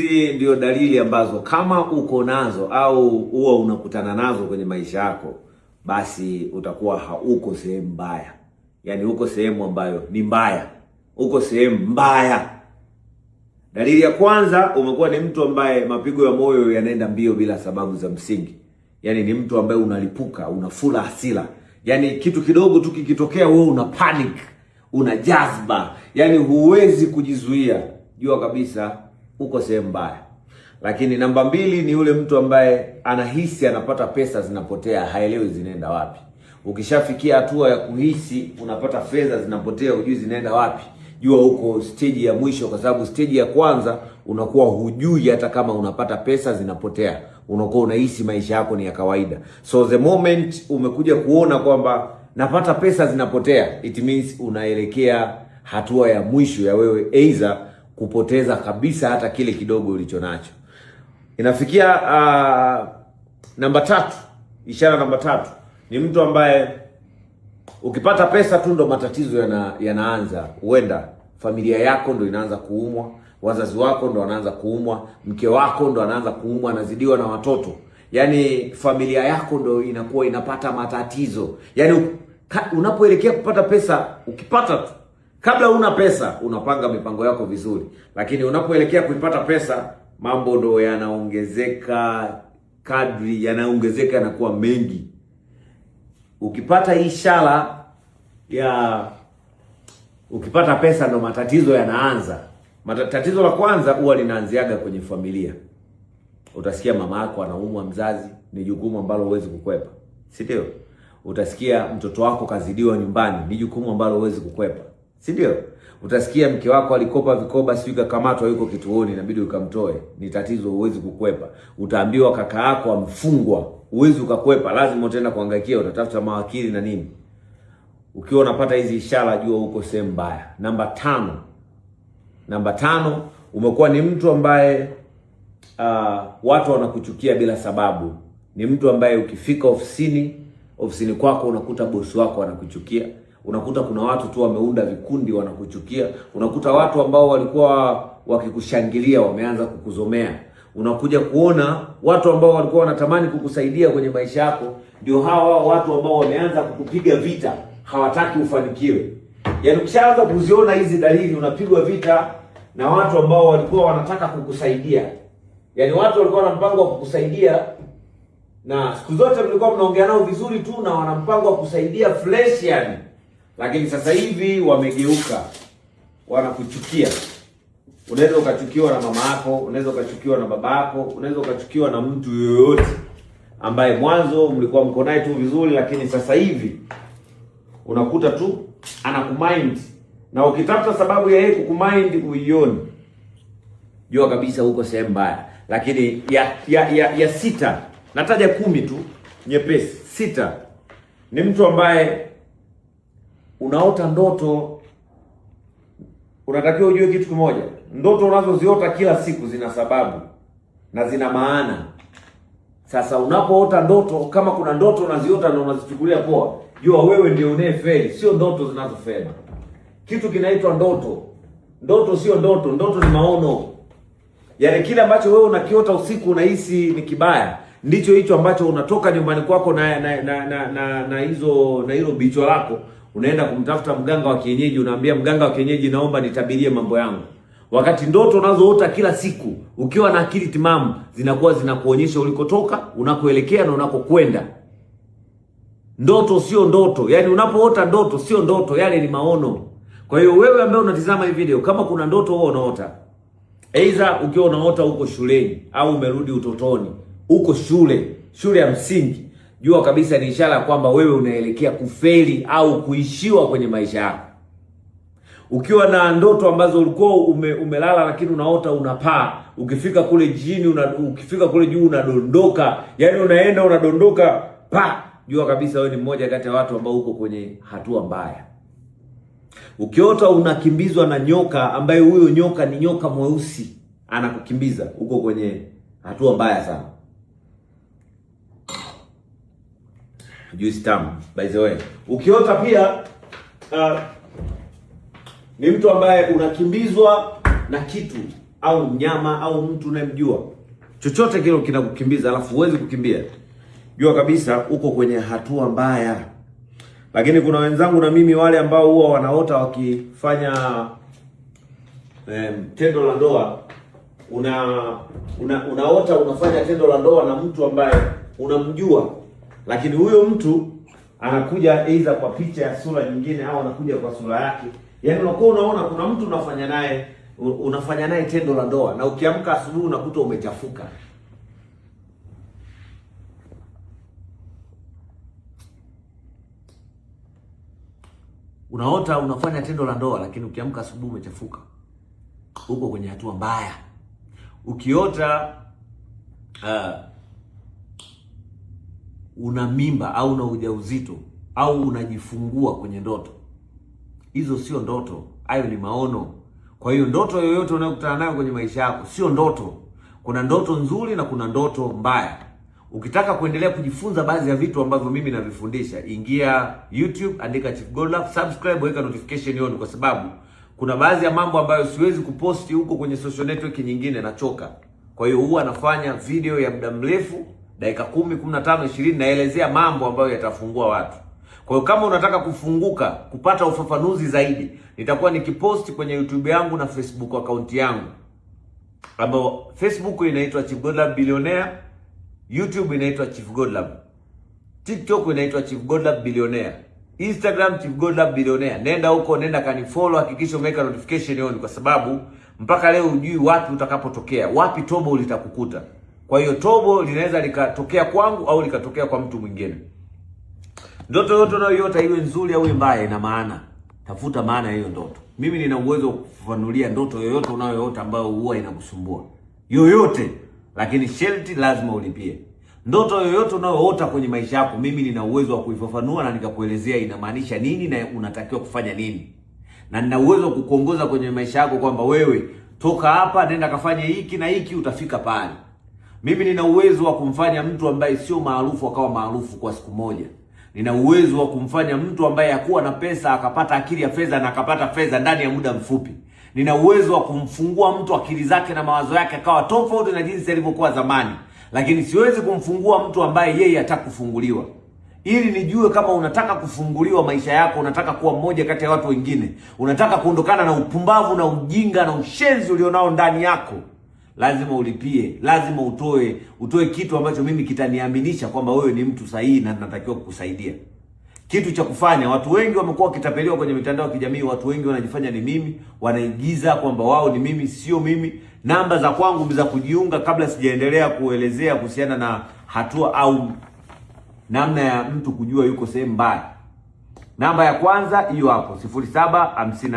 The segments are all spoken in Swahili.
hizi ndio dalili ambazo kama uko nazo au huwa unakutana nazo kwenye maisha yako, basi utakuwa hauko sehemu mbaya, yaani uko sehemu ambayo ni mbaya, uko sehemu mbaya. Dalili ya kwanza, umekuwa ni mtu ambaye mapigo ya moyo yanaenda mbio bila sababu za msingi, yaani ni mtu ambaye unalipuka, unafula hasira, yaani kitu kidogo tu kikitokea wewe una panic, una jazba, yaani huwezi kujizuia. Jua kabisa uko sehemu mbaya. Lakini namba mbili ni yule mtu ambaye anahisi anapata pesa zinapotea, haelewi zinaenda wapi. Ukishafikia hatua ya kuhisi unapata fedha zinapotea, hujui zinaenda wapi, jua huko stage ya mwisho, kwa sababu stage ya kwanza unakuwa hujui hata kama unapata pesa zinapotea, unakuwa unahisi maisha yako ni ya kawaida. So the moment umekuja kuona kwamba napata pesa zinapotea, it means unaelekea hatua ya mwisho ya wewe either kupoteza kabisa hata kile kidogo ulicho nacho. Inafikia uh, namba tatu. Ishara namba tatu ni mtu ambaye ukipata pesa tu ndo matatizo yana, yanaanza. Huenda familia yako ndo inaanza kuumwa, wazazi wako ndo wanaanza kuumwa, mke wako ndo anaanza kuumwa, anazidiwa na watoto. Yaani familia yako ndo inakuwa inapata matatizo. Yaani unapoelekea kupata pesa, ukipata tu Kabla una pesa unapanga mipango yako vizuri, lakini unapoelekea kuipata pesa mambo ndo yanaongezeka kadri yanaongezeka yanakuwa mengi. Ukipata ishara ya ukipata pesa ndo matatizo yanaanza. Tatizo la kwanza huwa linaanziaga kwenye familia. Utasikia mama yako anaumwa, mzazi, ni jukumu ambalo huwezi kukwepa, si ndio? Utasikia mtoto wako kazidiwa nyumbani, ni jukumu ambalo huwezi kukwepa si ndio? Utasikia mke wako alikopa vikoba, sijui kakamatwa, yuko kituoni, inabidi ukamtoe. Ni tatizo, huwezi kukwepa. Utaambiwa kaka yako amfungwa, huwezi ukakwepa, lazima utaenda kuangaikia, utatafuta mawakili na nini. Ukiwa unapata hizi ishara, jua huko sehemu mbaya. Namba tano, namba tano, umekuwa ni mtu ambaye uh, watu wanakuchukia bila sababu. Ni mtu ambaye ukifika ofisini, ofisini kwako unakuta bosi wako anakuchukia Unakuta kuna watu tu wameunda vikundi wanakuchukia. Unakuta watu ambao walikuwa wakikushangilia wameanza kukuzomea. Unakuja kuona watu ambao walikuwa wanatamani kukusaidia kwenye maisha yako, ndio hawa watu ambao wameanza kukupiga vita, hawataki ufanikiwe. Yaani ukishaanza kuziona hizi dalili, unapigwa vita na watu ambao walikuwa wanataka kukusaidia. Yaani watu walikuwa na mpango wa kukusaidia na siku zote mlikuwa mnaongea nao vizuri tu na wana mpango wa kusaidia fresh yani lakini sasa hivi wamegeuka, wanakuchukia. Unaweza ukachukiwa na mama yako, unaweza ukachukiwa na baba yako, unaweza ukachukiwa na mtu yoyote ambaye mwanzo mlikuwa mko naye tu vizuri, lakini sasa hivi unakuta tu anakumind, na ukitafuta sababu ya yeye kukumind huioni, jua kabisa huko sehemu mbaya. Lakini ya, ya ya ya sita nataja kumi tu nyepesi. Sita ni mtu ambaye unaota ndoto, unatakiwa ujue kitu kimoja, ndoto unazoziota kila siku zina sababu na zina maana. Sasa unapoota ndoto, kama kuna ndoto unaziota na unazichukulia poa, jua wewe ndio unayefeli, sio ndoto zinazofeli. Kitu kinaitwa ndoto. Ndoto sio ndoto, ndoto ni maono. Yaani kile ambacho wewe unakiota usiku unahisi ni kibaya, ndicho hicho ambacho unatoka nyumbani kwako na na na na, na, na hizo na hilo bichwa lako unaenda kumtafuta mganga wa kienyeji, unaambia mganga wa kienyeji, naomba nitabirie mambo yangu, wakati ndoto unazoota kila siku ukiwa na akili timamu zinakuwa zinakuonyesha ulikotoka, unakoelekea na unakokwenda. Ndoto sio ndoto, yaani unapoota ndoto sio ndoto, yale ni maono. Kwa hiyo wewe ambaye unatizama hii video, kama kuna ndoto wewe unaota, aidha ukiwa unaota huko shuleni au umerudi utotoni, uko shule shule ya msingi jua kabisa ni ishara kwamba wewe unaelekea kufeli au kuishiwa kwenye maisha yako. Ukiwa na ndoto ambazo ulikuwa ume, umelala lakini unaota unapaa, ukifika kule jini una, ukifika kule juu unadondoka, yani unaenda unadondoka pa, jua kabisa wewe ni mmoja kati ya watu ambao uko kwenye hatua mbaya. Ukiota unakimbizwa na nyoka ambaye huyo nyoka ni nyoka mweusi anakukimbiza, uko kwenye hatua mbaya sana. juice tamu by the way. Ukiota pia uh, ni mtu ambaye unakimbizwa na kitu au mnyama au mtu unayemjua, chochote kile kinakukimbiza, alafu huwezi kukimbia, jua kabisa uko kwenye hatua mbaya. Lakini kuna wenzangu na mimi wale ambao huwa wanaota wakifanya eh, tendo la ndoa una, una, unaota unafanya tendo la ndoa na mtu ambaye unamjua lakini huyo mtu anakuja aidha kwa picha ya sura nyingine au anakuja kwa sura yake. Yaani unakuwa unaona kuna mtu unafanya naye unafanya naye tendo la ndoa, na ukiamka asubuhi unakuta umechafuka. Unaota unafanya tendo la ndoa, lakini ukiamka asubuhi umechafuka, uko kwenye hatua mbaya. Ukiota uh, una mimba au una ujauzito au unajifungua kwenye ndoto, hizo sio ndoto, hayo ni maono. Kwa hiyo ndoto yoyote unayokutana nayo kwenye maisha yako sio ndoto. Kuna ndoto nzuri na kuna ndoto mbaya. Ukitaka kuendelea kujifunza baadhi ya vitu ambavyo mimi navifundisha, ingia YouTube, andika Chief Godlove, subscribe, weka notification on, kwa sababu kuna baadhi ya mambo ambayo siwezi kuposti huko kwenye social network nyingine, nachoka. Kwa hiyo huwa anafanya video ya muda mrefu dakika kumi, kumi na tano, ishirini naelezea mambo ambayo yatafungua watu. Kwa hiyo kama unataka kufunguka kupata ufafanuzi zaidi, nitakuwa nikiposti kwenye YouTube yangu na Facebook akaunti yangu ambayo Facebook inaitwa Chief Godlove Billionaire, YouTube inaitwa Chief Godlove, TikTok inaitwa Chief Godlove Billionaire, Instagram Chief Godlove Billionaire. Nenda huko, nenda kanifollow, hakikisha umeweka notification on, kwa sababu mpaka leo hujui wapi utakapotokea, wapi tobo litakukuta. Kwa hiyo tobo linaweza likatokea kwangu au likatokea kwa mtu mwingine. Ndoto yote unayoiota iwe nzuri au mbaya, ina maana. Tafuta maana hiyo ndoto. Mimi nina uwezo wa kufafanulia ndoto yoyote unayoota ambayo huwa inakusumbua yoyote, lakini sharti lazima ulipie. Ndoto yoyote unayoota kwenye maisha yako, mimi nina uwezo wa kuifafanua na nikakuelezea inamaanisha nini na unatakiwa kufanya nini, na nina uwezo wa kukuongoza kwenye maisha yako kwamba wewe toka hapa, nenda kafanye hiki na hiki, utafika pale. Mimi nina uwezo wa kumfanya mtu ambaye sio maarufu akawa maarufu kwa siku moja. Nina uwezo wa kumfanya mtu ambaye hakuwa na pesa akapata akili ya fedha na akapata fedha ndani ya muda mfupi. Nina uwezo wa kumfungua mtu akili zake na mawazo yake akawa tofauti na jinsi alivyokuwa zamani, lakini siwezi kumfungua mtu ambaye yeye hataka kufunguliwa. Ili nijue kama unataka kufunguliwa maisha yako, unataka kuwa mmoja kati ya watu wengine, unataka kuondokana na upumbavu na ujinga na ushenzi ulionao ndani yako lazima ulipie, lazima utoe utoe kitu ambacho mimi kitaniaminisha kwamba wewe ni mtu sahihi na natakiwa kukusaidia. Kitu cha kufanya, watu wengi wamekuwa wakitapeliwa kwenye mitandao ya kijamii. Watu wengi wanajifanya ni mimi, wanaigiza kwamba wao ni mimi, sio mimi. Namba za kwangu za kujiunga, kabla sijaendelea kuelezea kuhusiana na hatua au namna ya mtu kujua yuko sehemu mbaya, namba ya kwanza hiyo hapo, sifuri saba hamsini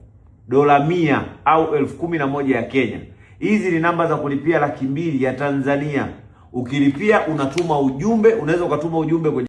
dola mia au elfu kumi na moja ya Kenya. Hizi ni namba za kulipia laki mbili ya Tanzania. Ukilipia unatuma ujumbe, unaweza ukatuma ujumbe kwenye